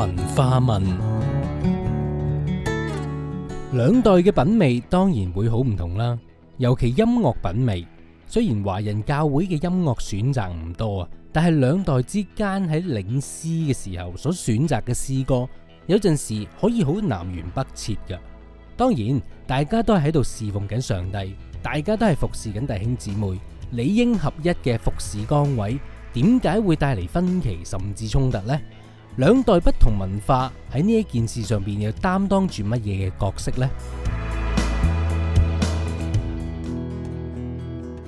文化問，兩代嘅品味當然會好唔同啦，尤其音樂品味。雖然華人教會嘅音樂選擇唔多啊，但係兩代之間喺領詩嘅時候所選擇嘅詩歌，有陣時可以好南轅北轍㗎。當然，大家都係喺度侍奉緊上帝，大家都係服侍緊弟兄姊妹，理應合一嘅服侍崗位，點解會帶嚟分歧甚至衝突呢？兩代不同文化喺呢一件事上邊又擔當住乜嘢嘅角色呢？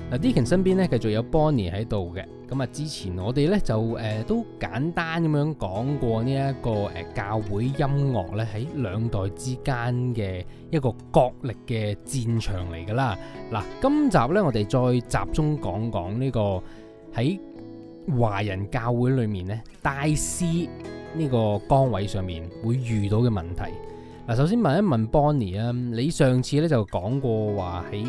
嗱、啊、Deakin 身邊咧繼續有 Bonnie 喺度嘅。咁、嗯、啊，之前我哋咧就誒、呃、都簡單咁樣講過呢、這、一個誒、呃、教會音樂咧喺兩代之間嘅一個角力嘅戰場嚟噶啦。嗱、啊，今集咧我哋再集中講講呢個喺華人教會裏面咧大師。呢個崗位上面會遇到嘅問題，嗱，首先問一問 Bonnie 啊，你上次咧就講過話喺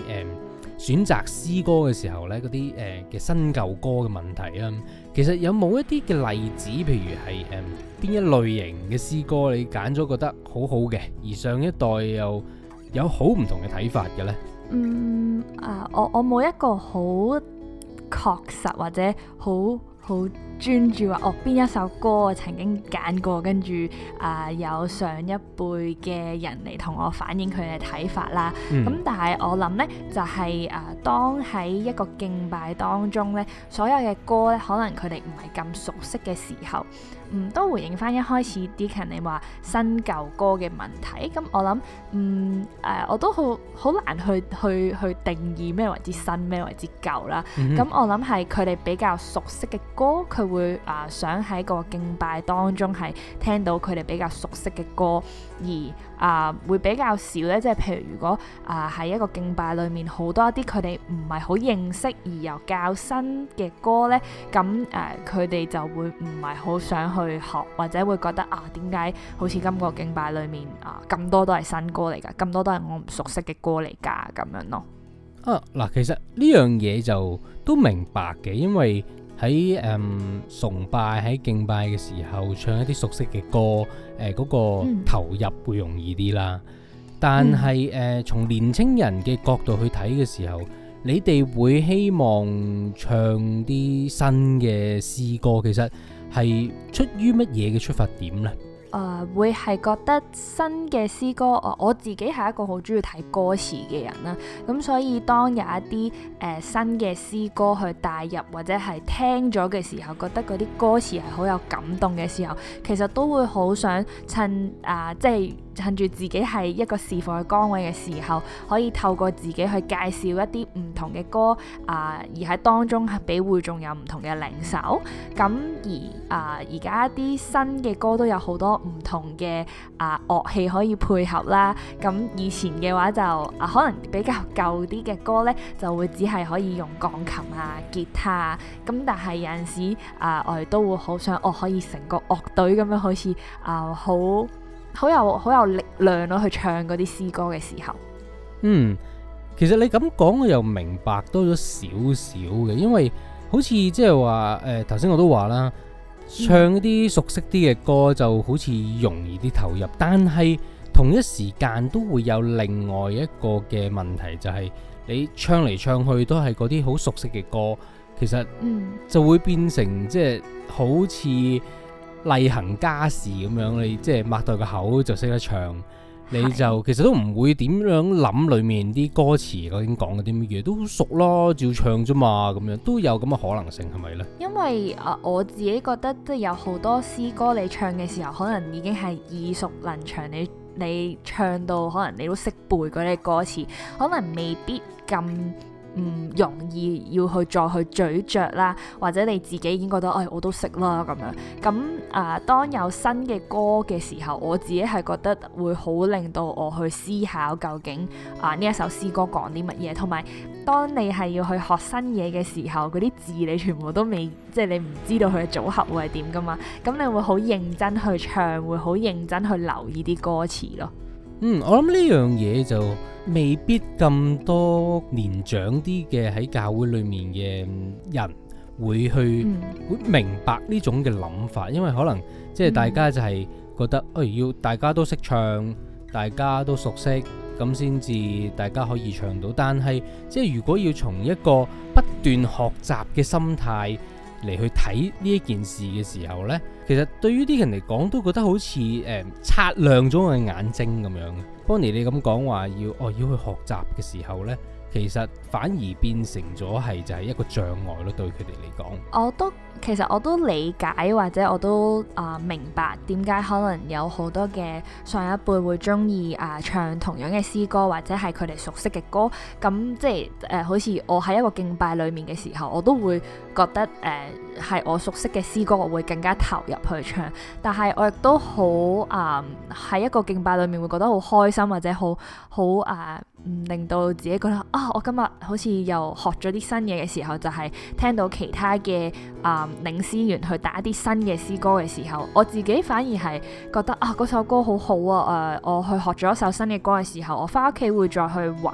誒選擇詩歌嘅時候咧，嗰啲誒嘅新舊歌嘅問題啊，其實有冇一啲嘅例子，譬如係誒邊一類型嘅詩歌你揀咗覺得好好嘅，而上一代又有好唔同嘅睇法嘅呢？嗯啊，我我冇一個好確實或者好好。專注話哦邊一首歌我曾經揀過，跟住啊有上一輩嘅人嚟同我反映佢嘅睇法啦。咁但係我諗咧，就係啊，當喺一個敬拜當中咧，所有嘅歌咧，可能佢哋唔係咁熟悉嘅時候，嗯，都回應翻一開始 Deakin 你話新舊歌嘅問題。咁我諗，嗯誒，我都好好難去去去定義咩為之新，咩為之舊啦。咁我諗係佢哋比較熟悉嘅歌，佢會。會啊，想喺個敬拜當中係聽到佢哋比較熟悉嘅歌，而啊會比較少咧，即係譬如如果啊喺一個敬拜裏面好多一啲佢哋唔係好認識而又較新嘅歌咧，咁誒佢哋就會唔係好想去學，或者會覺得啊，點解好似今個敬拜裏面啊咁多都係新歌嚟噶，咁多都係我唔熟悉嘅歌嚟噶，咁樣咯。啊嗱，其實呢樣嘢就都明白嘅，因為。喺誒、嗯、崇拜喺敬拜嘅時候唱一啲熟悉嘅歌，誒、呃、嗰、那個投入會容易啲啦。但係誒、呃、從年青人嘅角度去睇嘅時候，你哋會希望唱啲新嘅詩歌，其實係出於乜嘢嘅出發點呢？誒、呃、會係覺得新嘅詩歌，我我自己係一個好鍾意睇歌詞嘅人啦，咁所以當有一啲誒、呃、新嘅詩歌去帶入或者係聽咗嘅時候，覺得嗰啲歌詞係好有感動嘅時候，其實都會好想趁啊、呃，即係。趁住自己係一個示範嘅崗位嘅時候，可以透過自己去介紹一啲唔同嘅歌啊、呃，而喺當中係俾會眾有唔同嘅領受。咁而啊，而家啲、呃、新嘅歌都有好多唔同嘅啊樂器可以配合啦。咁以前嘅話就啊、呃，可能比較舊啲嘅歌呢，就會只係可以用鋼琴啊、吉他啊。咁但係有陣時啊、呃，我哋都會好想哦，可以成個樂隊咁樣，好似啊、呃、好～好有好有力量咯、啊！去唱嗰啲詩歌嘅時候，嗯，其實你咁講我又明白多咗少少嘅，因為好似即係話誒，頭先、呃、我都話啦，唱嗰啲熟悉啲嘅歌就好似容易啲投入，但係同一時間都會有另外一個嘅問題，就係、是、你唱嚟唱去都係嗰啲好熟悉嘅歌，其實嗯就會變成即係好似。例行家事咁樣，你即係擘大個口就識得唱，的你就其實都唔會點樣諗裡面啲歌詞、嗰啲講、嗰啲乜嘢都熟啦，照唱啫嘛，咁樣都有咁嘅可能性係咪呢？因為啊，我自己覺得即係有好多詩歌你唱嘅時候，可能已經係耳熟能詳，你你唱到可能你都識背嗰啲歌詞，可能未必咁。唔容易要去再去咀嚼啦，或者你自己已經覺得，哎，我都識啦咁樣。咁、嗯、啊，當有新嘅歌嘅時候，我自己係覺得會好令到我去思考究竟啊呢一首詩歌講啲乜嘢，同埋當你係要去學新嘢嘅時候，嗰啲字你全部都未，即係你唔知道佢嘅組合會係點㗎嘛。咁你會好認真去唱，會好認真去留意啲歌詞咯。嗯，我諗呢樣嘢就～未必咁多年長啲嘅喺教會裏面嘅人會去、嗯、會明白呢種嘅諗法，因為可能即係大家就係覺得，誒、哎、要大家都識唱，大家都熟悉，咁先至大家可以唱到。但係即係如果要從一個不斷學習嘅心態。嚟去睇呢一件事嘅時候呢，其實對於啲人嚟講都覺得好似誒擦亮咗我嘅眼睛咁樣嘅。Bonnie，你咁講話要哦要去學習嘅時候呢，其實反而變成咗係就係一個障礙咯，對佢哋嚟講。我都其實我都理解或者我都啊、呃、明白點解可能有好多嘅上一輩會鍾意啊唱同樣嘅詩歌或者係佢哋熟悉嘅歌。咁即係誒、呃，好似我喺一個敬拜裡面嘅時候，我都會覺得誒係、呃、我熟悉嘅詩歌，我會更加投入去唱。但係我亦都好啊喺一個敬拜裡面會覺得好開心或者好好啊。嗯，令到自己覺得啊，我今日好似又學咗啲新嘢嘅時候，就係、是、聽到其他嘅啊、呃、領詩員去打啲新嘅詩歌嘅時候，我自己反而係覺得啊，嗰首歌好好啊！誒，我去學咗一首新嘅歌嘅時候，我翻屋企會再去揾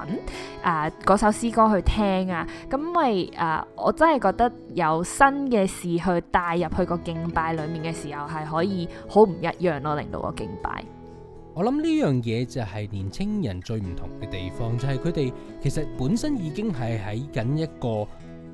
啊嗰首詩歌去聽啊。咁咪，因為、呃、我真係覺得有新嘅事去帶入去個敬拜裡面嘅時候，係可以好唔一樣咯、啊，令到我敬拜。我諗呢樣嘢，就係年青人最唔同嘅地方，就係佢哋其實本身已經係喺緊一個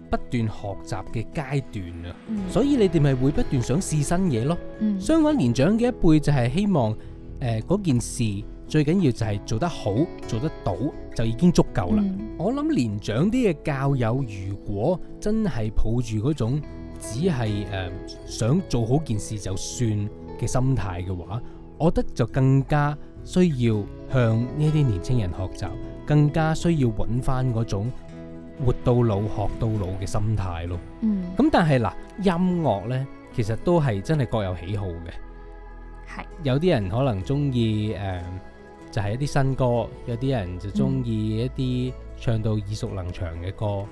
不斷學習嘅階段啊，所以你哋咪會不斷想試新嘢咯。相反，年長嘅一輩就係希望誒、呃、嗰件事最緊要就係做得好、做得到就已經足夠啦。我諗年長啲嘅教友如果真係抱住嗰種只係誒、呃、想做好件事就算嘅心態嘅話，我覺得就更加需要向呢啲年青人學習，更加需要揾翻嗰種活到老學到老嘅心態咯。嗯，咁、嗯、但係嗱，音樂呢，其實都係真係各有喜好嘅。係是有啲人可能中意誒，就係、是、一啲新歌；有啲人就中意一啲唱到耳熟能詳嘅歌。嗯、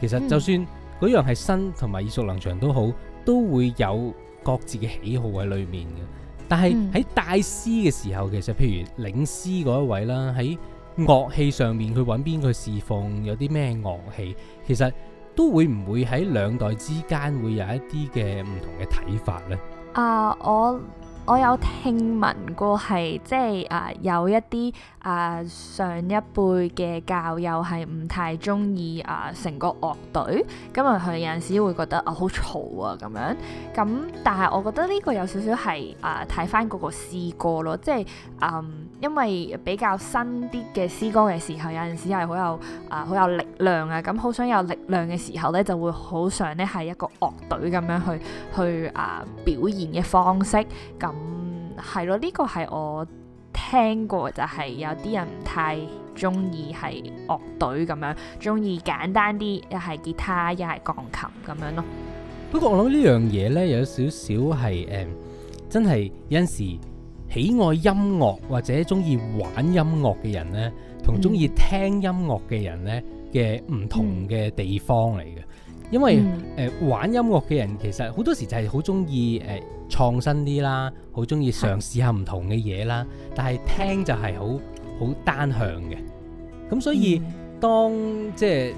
其實就算嗰樣係新同埋耳熟能詳都好，都會有各自嘅喜好喺裏面嘅。但係喺帶詩嘅時候，其實譬如領詩嗰一位啦，喺樂器上面去揾邊個侍奉，有啲咩樂器，其實都會唔會喺兩代之間會有一啲嘅唔同嘅睇法呢？啊，我。我有聽聞過，係即係啊、呃，有一啲啊、呃、上一輩嘅教友係唔太中意啊成個樂隊，咁啊佢有陣時會覺得、呃、啊好嘈啊咁樣。咁但係我覺得呢個有少少係啊睇翻嗰個詩歌咯，即係嗯、呃、因為比較新啲嘅詩歌嘅時候，有陣時係好有啊好、呃、有力量啊，咁、嗯、好想有力量嘅時候呢，就會好想呢係一個樂隊咁樣去去啊、呃、表現嘅方式咁。嗯係咯，呢個係我聽過，就係、是、有啲人唔太中意係樂隊咁樣，中意簡單啲，又係吉他，又係鋼琴咁樣咯。不過我諗呢樣嘢呢，有少少係誒，真係有陣時喜愛音樂或者中意玩音樂嘅人呢，同中意聽音樂嘅人呢嘅唔同嘅地方嚟嘅。嗯、因為誒，嗯、玩音樂嘅人其實好多時就係好中意誒。呃創新啲啦，好中意嘗試下唔同嘅嘢啦，但係聽就係好好單向嘅，咁所以當、嗯、即係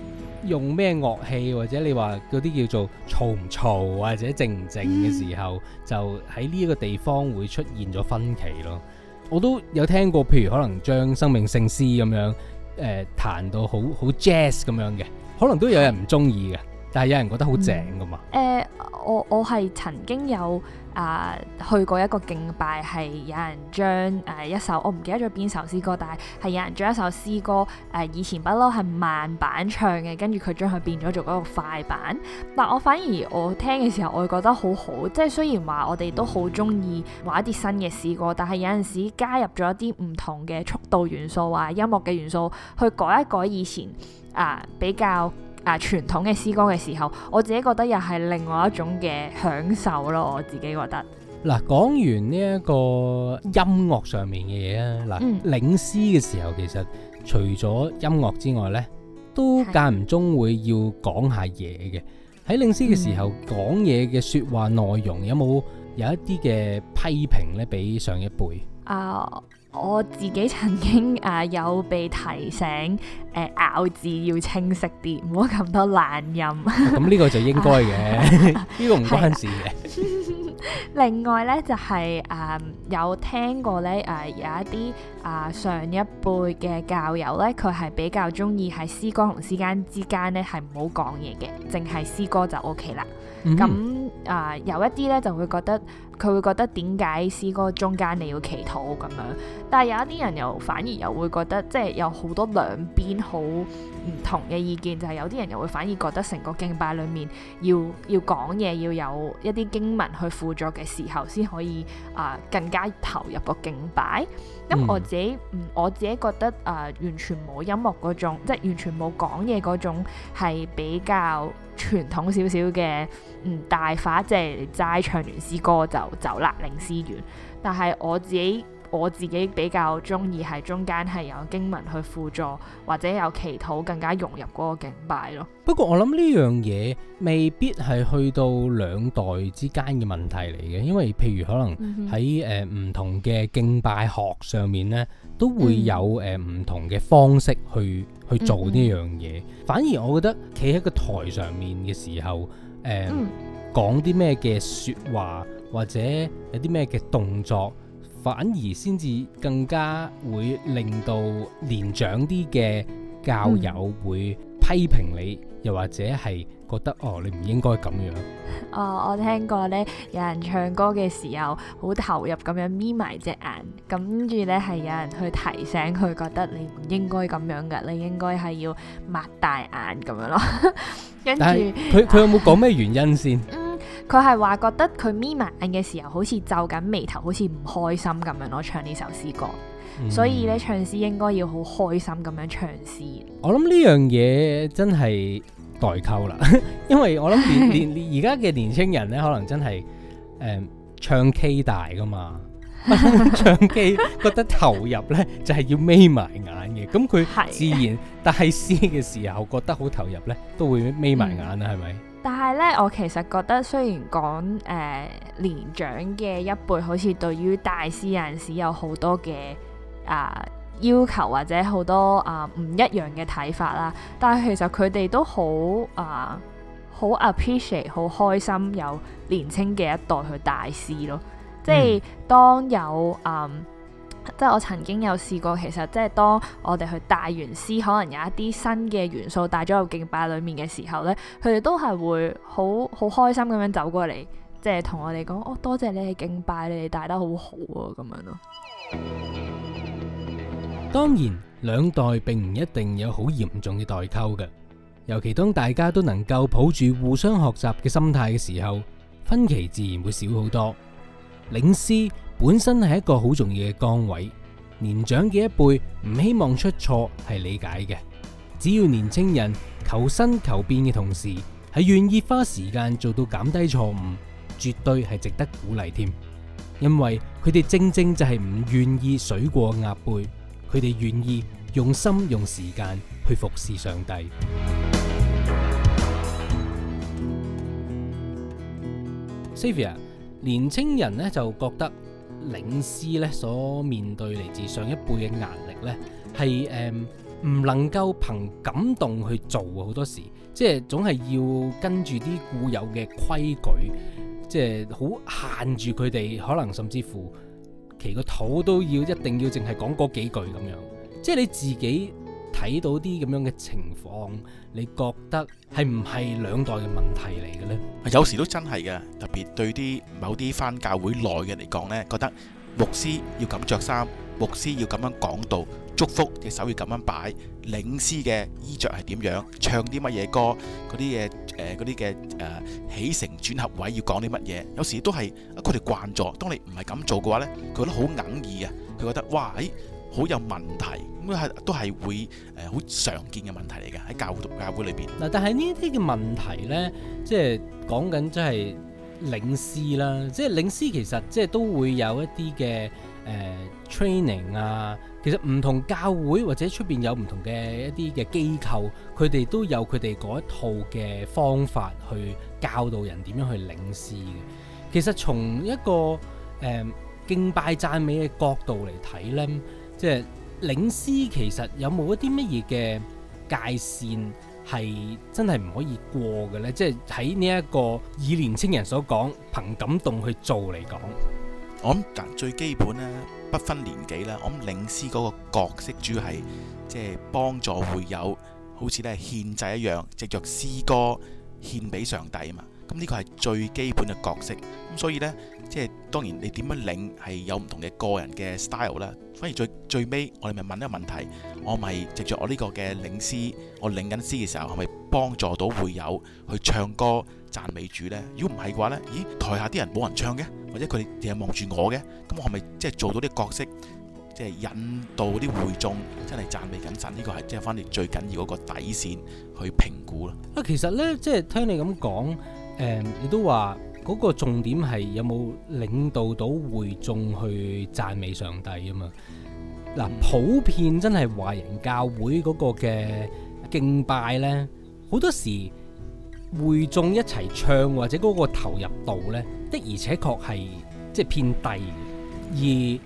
用咩樂器或者你話嗰啲叫做嘈唔嘈或者靜唔靜嘅時候，嗯、就喺呢一個地方會出現咗分歧咯。我都有聽過，譬如可能將《生命聖詩》咁樣誒彈到好好 jazz 咁樣嘅，可能都有人唔中意嘅。嗯嗯但係有人覺得好正噶嘛？誒、呃，我我係曾經有啊、呃、去過一個敬拜，係有人將誒、呃、一首我唔記得咗邊首詩歌，但係係有人將一首詩歌誒、呃、以前不嬲係慢板唱嘅，跟住佢將佢變咗做嗰個快板。但我反而我聽嘅時候，我會覺得好好。即係雖然話我哋都好中意玩一啲新嘅詩歌，嗯、但係有陣時加入咗一啲唔同嘅速度元素啊、音樂嘅元素去改一改以前啊、呃、比較，啊！傳統嘅詩歌嘅時候，我自己覺得又係另外一種嘅享受咯，我自己覺得。嗱，講完呢一個音樂上面嘅嘢啊，嗱，領詩嘅時候其實除咗音樂之外呢，都間唔中會要講下嘢嘅。喺領詩嘅時候講嘢嘅説話內容有冇有一啲嘅批評呢？畀上一輩啊。我自己曾經啊、呃、有被提醒誒、呃、咬字要清晰啲，唔好咁多懶音。咁呢個就應該嘅，呢個唔關事嘅。啊啊、 另外呢，就係、是、啊、呃、有聽過呢，誒、呃、有一啲啊、呃、上一輩嘅教友呢，佢係比較鍾意喺詩歌同詩間之間呢，係唔好講嘢嘅，淨係詩歌就 O K 啦。咁啊、嗯哼呃、有一啲呢，就會覺得。佢會覺得點解詩歌中間你要祈禱咁樣，但係有一啲人又反而又會覺得，即係有好多兩邊好。唔同嘅意見就係、是、有啲人又會反而覺得成個敬拜裡面要要講嘢，要有一啲經文去輔助嘅時候，先可以啊、呃、更加投入個敬拜。咁我自己嗯、呃、我自己覺得啊、呃，完全冇音樂嗰種，即係完全冇講嘢嗰種，係比較傳統少少嘅唔大法，即係齋唱完詩歌就走啦，領詩完。但係我自己。我自己比較中意係中間係有經文去輔助，或者有祈禱更加融入嗰個敬拜咯。不過我諗呢樣嘢未必係去到兩代之間嘅問題嚟嘅，因為譬如可能喺誒唔同嘅敬拜學上面呢，都會有誒唔同嘅方式去、嗯、去做呢樣嘢。反而我覺得企喺個台上面嘅時候，誒、呃嗯、講啲咩嘅説話，或者有啲咩嘅動作。反而先至更加會令到年長啲嘅教友會批評你，嗯、又或者係覺得哦，你唔應該咁樣。哦，我聽過咧，有人唱歌嘅時候好投入咁樣眯埋隻眼，跟住咧係有人去提醒佢，覺得你唔應該咁樣㗎，你應該係要擘大眼咁樣咯。跟住佢佢有冇講咩原因先？ 嗯佢係話覺得佢眯埋眼嘅時候，好似皺緊眉頭，好似唔開心咁樣。我唱呢首詩歌，嗯、所以咧唱詩應該要好開心咁樣唱詩。我諗呢樣嘢真係代溝啦， 因為我諗年年而家嘅年輕人咧，可能真係誒、嗯、唱 K 大噶嘛， 唱 K 覺得投入咧就係要眯埋眼嘅，咁佢 自然帶詩嘅時候覺得好投入咧，都會眯埋眼啊，係咪、嗯？但係咧，我其實覺得雖然講誒、呃、年長嘅一輩，好似對於帶詩有陣時有好多嘅啊、呃、要求或者好多啊唔、呃、一樣嘅睇法啦，但係其實佢哋都好啊好、呃、appreciate，好開心有年青嘅一代去帶詩咯，即係、嗯、當有嗯。呃即係我曾經有試過，其實即係當我哋去帶完詩，可能有一啲新嘅元素帶咗入敬拜裏面嘅時候呢，佢哋都係會好好開心咁樣走過嚟，即係同我哋講，哦，多謝，謝你哋敬拜，你哋帶得好好啊，咁樣咯。當然，兩代並唔一定有好嚴重嘅代溝嘅，尤其當大家都能夠抱住互相學習嘅心態嘅時候，分歧自然會少好多。領詩本身係一個好重要嘅崗位，年長嘅一輩唔希望出錯係理解嘅。只要年青人求新求變嘅同時係願意花時間做到減低錯誤，絕對係值得鼓勵添。因為佢哋正正就係唔願意水過鴨背，佢哋願意用心用時間去服侍上帝。Xavier！年青人咧就覺得領詩咧所面對嚟自上一輩嘅壓力咧係誒唔能夠憑感動去做好多事，即係總係要跟住啲固有嘅規矩，即係好限住佢哋，可能甚至乎其個肚都要一定要淨係講嗰幾句咁樣，即係你自己，睇到啲咁樣嘅情況，你覺得係唔係兩代嘅問題嚟嘅呢？有時都真係嘅，特別對啲某啲返教會內嘅嚟講呢，覺得牧師要咁着衫，牧師要咁樣講道、祝福嘅手要咁樣擺，領詩嘅衣着係點樣，唱啲乜嘢歌，嗰啲嘢誒啲嘅誒起承轉合位要講啲乜嘢，有時都係佢哋慣咗，當你唔係咁做嘅話呢，佢覺得好隱異嘅，佢覺得哇誒。哎好有問題，咁係都係會誒好常見嘅問題嚟嘅，喺教會教會裏邊嗱，但係呢啲嘅問題咧，即係講緊即係領詩啦，即係領詩其實即係都會有一啲嘅誒 training 啊。其實唔同教會或者出邊有唔同嘅一啲嘅機構，佢哋都有佢哋嗰一套嘅方法去教導人點樣去領詩嘅。其實從一個誒、呃、敬拜讚美嘅角度嚟睇咧。即係領詩其實有冇一啲乜嘢嘅界線係真係唔可以過嘅呢？即係喺呢一個以年青人所講憑感動去做嚟講，我諗最基本呢，不分年紀啦，我諗領詩嗰個角色主要係即係幫助會友，好似咧獻祭一樣，藉著詩歌獻俾上帝啊嘛。咁呢個係最基本嘅角色，咁所以呢。即係當然，你點樣領係有唔同嘅個人嘅 style 啦。反而最最尾我問一問一問，我哋咪問一個問題：我咪藉著我呢個嘅領詩，我領緊詩嘅時候，係咪幫助到會友去唱歌讚美主呢？如果唔係嘅話呢，咦，台下啲人冇人唱嘅，或者佢哋淨係望住我嘅，咁我係咪即係做到啲角色，即係引導啲會眾真係讚美緊神？呢個係即係翻你最緊要嗰個底線去評估咯。啊，其實呢，即係聽你咁講，誒、嗯，你都話。嗰個重點係有冇領導到會眾去讚美上帝啊嘛？嗱，普遍真係華人教會嗰個嘅敬拜呢，好多時會眾一齊唱或者嗰個投入度呢，的而且確係即係偏低嘅。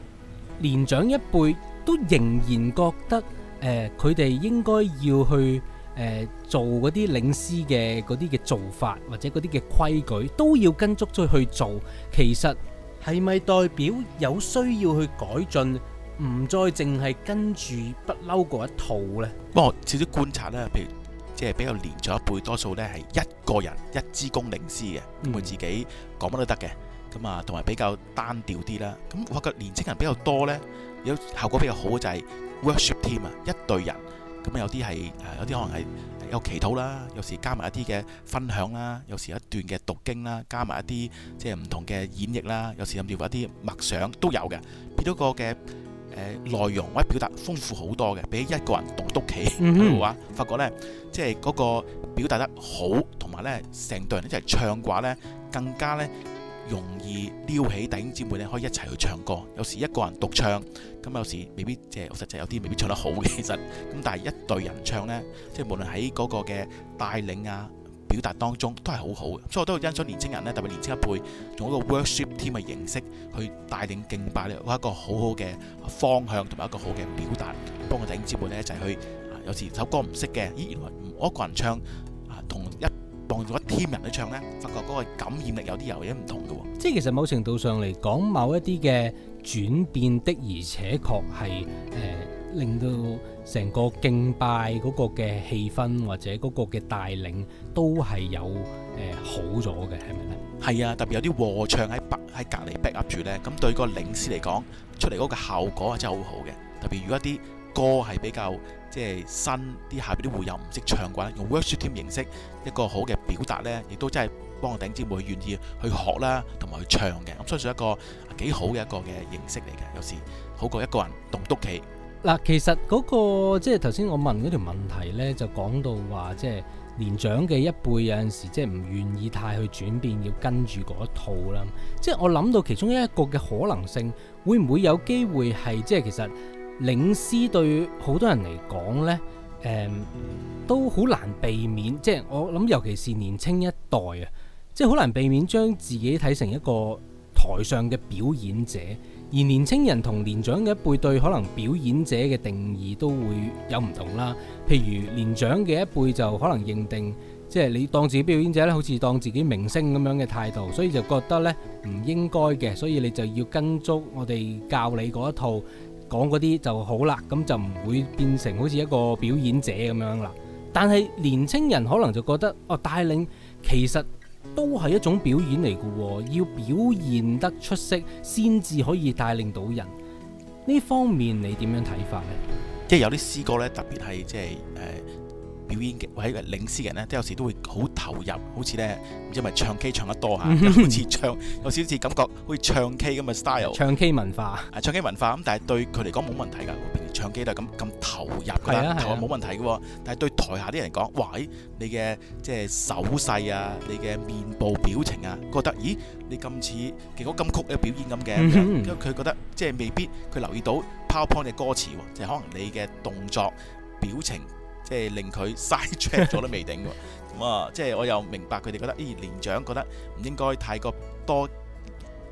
而年長一輩都仍然覺得誒，佢、呃、哋應該要去誒。呃做嗰啲領詩嘅嗰啲嘅做法或者嗰啲嘅規矩都要跟足咗去做，其實係咪代表有需要去改進，唔再淨係跟住不嬲嗰一套呢？不過、哦！少少觀察咧，譬如即係比較年長一輩，多數呢係一個人一支公領詩嘅，咁佢、嗯、自己講乜都得嘅咁啊，同埋比較單調啲啦。咁我覺得年青人比較多呢，有效果比較好就係、是、worship team 啊，一隊人咁有啲係有啲可能係。嗯有祈禱啦，有時加埋一啲嘅分享啦，有時有一段嘅讀經啦，加埋一啲即係唔同嘅演繹啦，有時甚至乎一啲默想都有嘅，俾到個嘅誒內容或者表達豐富好多嘅，比一個人獨獨企嘅話，發覺呢，即係嗰個表達得好，同埋呢成隊人一齊唱嘅話呢，更加呢。容易撩起弟兄姊妹咧，可以一齊去唱歌。有時一個人獨唱，咁啊有時未必即係實際有啲未必唱得好嘅其實，咁但係一隊人唱咧，即係無論喺嗰個嘅帶領啊、表達當中都係好好嘅。所以我都會欣賞年青人咧，特別年青一輩用一個 worship team 嘅形式去帶領敬拜咧，一個好好嘅方向同埋一個好嘅表達，幫個弟兄姊妹咧一齊去。有時首歌唔識嘅，咦？原來唔我一個人唱啊，同一。當咗一 team 人去唱咧，發覺嗰個感染力有啲有嘢唔同嘅喎。即係其實某程度上嚟講，某一啲嘅轉變的，而且確係誒令到成個敬拜嗰個嘅氣氛或者嗰個嘅帶領都係有誒好咗嘅，係咪咧？係啊，特別有啲和唱喺喺隔離 back up 住咧，咁對個領詩嚟講出嚟嗰個效果係真係好好嘅。特別如果一啲。歌係比較即係新，啲下邊啲會友唔識唱嘅話，用 workshop 形式一個好嘅表達呢，亦都真係幫個頂姐妹願意去學啦，同埋去唱嘅，咁出咗一個幾好嘅一個嘅形式嚟嘅，有時好過一個人棟篤企。嗱，其實嗰、嗰個即係頭先我問嗰條問題呢，就講到話即係年長嘅一輩有陣時即係唔願意太去轉變，要跟住嗰一套啦。即係我諗到其中一一個嘅可能性，會唔會有機會係即係其實？領詩對好多人嚟講呢，誒、嗯，都好難避免，即係我諗，尤其是年青一代啊，即係好難避免將自己睇成一個台上嘅表演者。而年青人同年長嘅一輩對可能表演者嘅定義都會有唔同啦。譬如年長嘅一輩就可能認定，即係你當自己表演者呢，好似當自己明星咁樣嘅態度，所以就覺得呢唔應該嘅，所以你就要跟足我哋教你嗰一套。講嗰啲就好啦，咁就唔會變成好似一個表演者咁樣啦。但係年青人可能就覺得，哦，帶領其實都係一種表演嚟嘅喎，要表現得出色先至可以帶領到人。呢方面你點樣睇法呢？即係有啲詩歌呢，特別係即係誒表演嘅，或者領詩人呢，都有時都會好投入好似咧，唔知係咪唱 K 唱得多吓，好似唱有少少感覺，好似唱 K 咁嘅 style。唱 K 文化啊，唱 K 文化咁，但係對佢嚟講冇問題㗎，平時唱 K 都係咁咁投入㗎，投、啊、入冇問題嘅。啊、但係對台下啲人講，喂，你嘅即係手勢啊，你嘅面部表情啊，覺得咦，你咁似其果金曲嘅表演咁嘅，嗯、哼因為佢覺得即係未必佢留意到 PowerPoint 嘅歌詞，就係、可能你嘅動作表情。即係令佢嘥 c 咗都未定喎，咁啊、 嗯，即、就、係、是、我又明白佢哋覺得，咦年長覺得唔應該太過多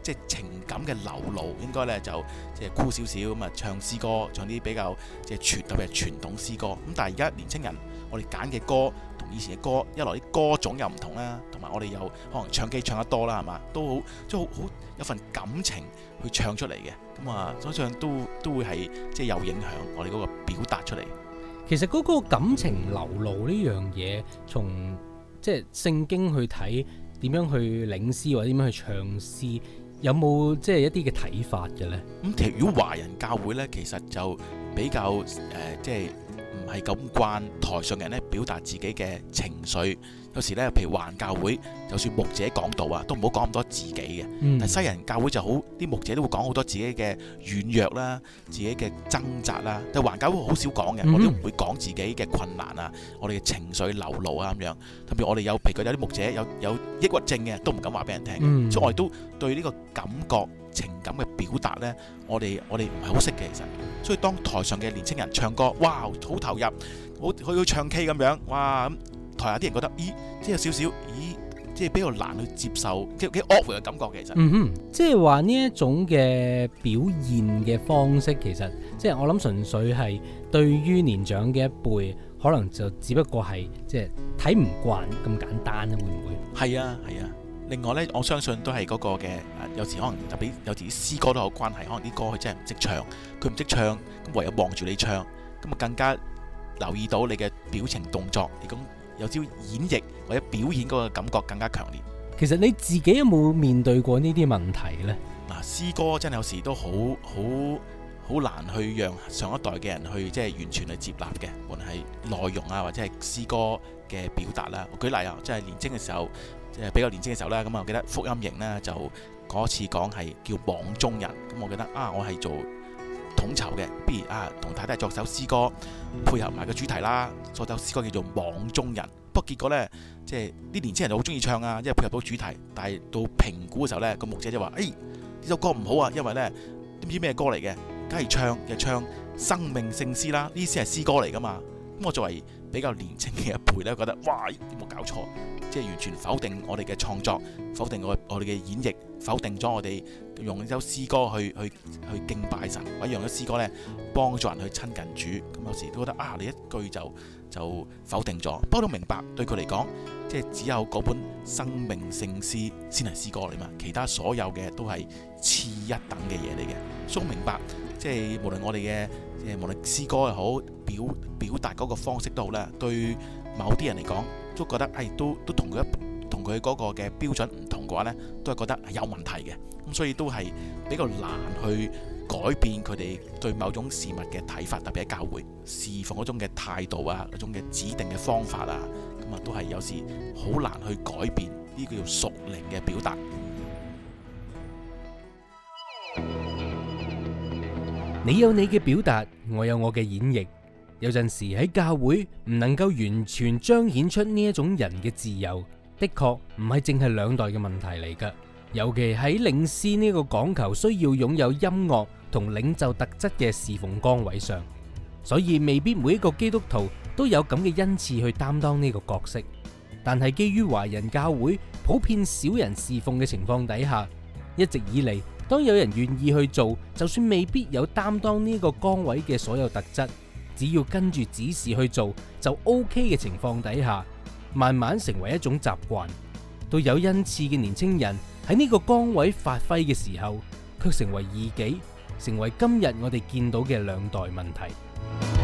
即係、就是、情感嘅流露，應該咧就即係酷少少咁啊，唱詩歌，唱啲比較即係傳特別傳統詩歌。咁、嗯、但係而家年青人，我哋揀嘅歌同以前嘅歌，一來啲歌種又唔同啦、啊，同埋我哋有可能唱機唱得多啦，係嘛，都好即係好好有份感情去唱出嚟嘅，咁、嗯、啊、嗯，所以上都都會係即係有影響我哋嗰個表達出嚟。其實嗰個感情流露呢樣嘢，從即係聖經去睇點樣去領詩或者點樣去唱詩，有冇即係一啲嘅睇法嘅咧？咁其實如果華人教會咧，其實就比較誒、呃，即係唔係咁慣台上人咧表達自己嘅情緒。有時咧，譬如環教會，就算牧者講道啊，都唔好講咁多自己嘅。嗯、但西人教會就好，啲牧者都會講好多自己嘅軟弱啦、自己嘅掙扎啦。但環教會好少講嘅，嗯、哼我都唔會講自己嘅困難啊，我哋嘅情緒流露啊咁樣。特別我哋有，譬如有啲牧者有有抑鬱症嘅，都唔敢話俾人聽。嗯、所以我哋都對呢個感覺、情感嘅表達咧，我哋我哋唔係好識嘅。其實，所以當台上嘅年輕人唱歌，哇，好投入，好好似唱 K 咁樣，哇，哇台下啲人覺得，咦，即係有少少，咦，即係比較難去接受，即係幾 off 嘅感覺其實。嗯哼，即係話呢一種嘅表現嘅方式，其實即係我諗純粹係對於年長嘅一輩，可能就只不過係即係睇唔慣咁簡單，會唔會？係啊係啊。另外咧，我相信都係嗰個嘅，有時可能就比有時啲詩歌都有關係，可能啲歌佢真係唔識唱，佢唔識唱，咁唯有望住你唱，咁啊更加留意到你嘅表情動作，咁。有招演繹或者表演嗰個感覺更加強烈。其實你自己有冇面對過呢啲問題呢？嗱，詩歌真係有時都好好好難去讓上一代嘅人去即係完全去接納嘅，無論係內容啊或者係詩歌嘅表達啦。我舉例啊，即係年青嘅時候，即係比較年青嘅時候啦。咁我記得福音營呢，就嗰次講係叫網中人，咁我記得啊，我係做統籌嘅，比如啊，同大家作首詩歌配合埋個主題啦，作首詩歌叫做《網中人》，不過結果呢，即係啲年青人又好中意唱啊，因為配合到主題，但係到評估嘅時候呢，個牧者就話，誒、哎，呢首歌唔好啊，因為呢，點知咩歌嚟嘅梗係唱又唱，唱《生命聖詩》啦，呢啲先係詩歌嚟噶嘛。咁我作為比較年青嘅一輩呢，覺得哇，有冇搞錯？即係完全否定我哋嘅創作，否定我我哋嘅演繹。否定咗我哋用一首詩歌去去去敬拜神，或者用咗詩歌咧，幫助人去親近主。咁有時都覺得啊，你一句就就否定咗。不過都明白對佢嚟講，即係只有嗰本生命聖詩先係詩歌嚟嘛，其他所有嘅都係次一等嘅嘢嚟嘅。都明白，即係無論我哋嘅誒，無論詩歌又好，表表達嗰個方式都好啦，對某啲人嚟講都覺得係、哎、都都都同佢一同佢嗰個嘅標準話咧，都係覺得有問題嘅，咁所以都係比較難去改變佢哋對某種事物嘅睇法，特別喺教會侍奉嗰種嘅態度啊，嗰種嘅指定嘅方法啊，咁啊都係有時好難去改變呢個叫熟齡嘅表達。你有你嘅表達，我有我嘅演繹，有陣時喺教會唔能夠完全彰顯出呢一種人嘅自由。的確唔係淨係兩代嘅問題嚟㗎，尤其喺領詩呢個講求需要擁有音樂同領袖特質嘅侍奉崗位上，所以未必每一個基督徒都有咁嘅恩賜去擔當呢個角色。但係基於華人教會普遍少人侍奉嘅情況底下，一直以嚟，當有人願意去做，就算未必有擔當呢個崗位嘅所有特質，只要跟住指示去做，就 OK 嘅情況底下。慢慢成為一種習慣，到有恩賜嘅年青人喺呢個崗位發揮嘅時候，卻成為異己，成為今日我哋見到嘅兩代問題。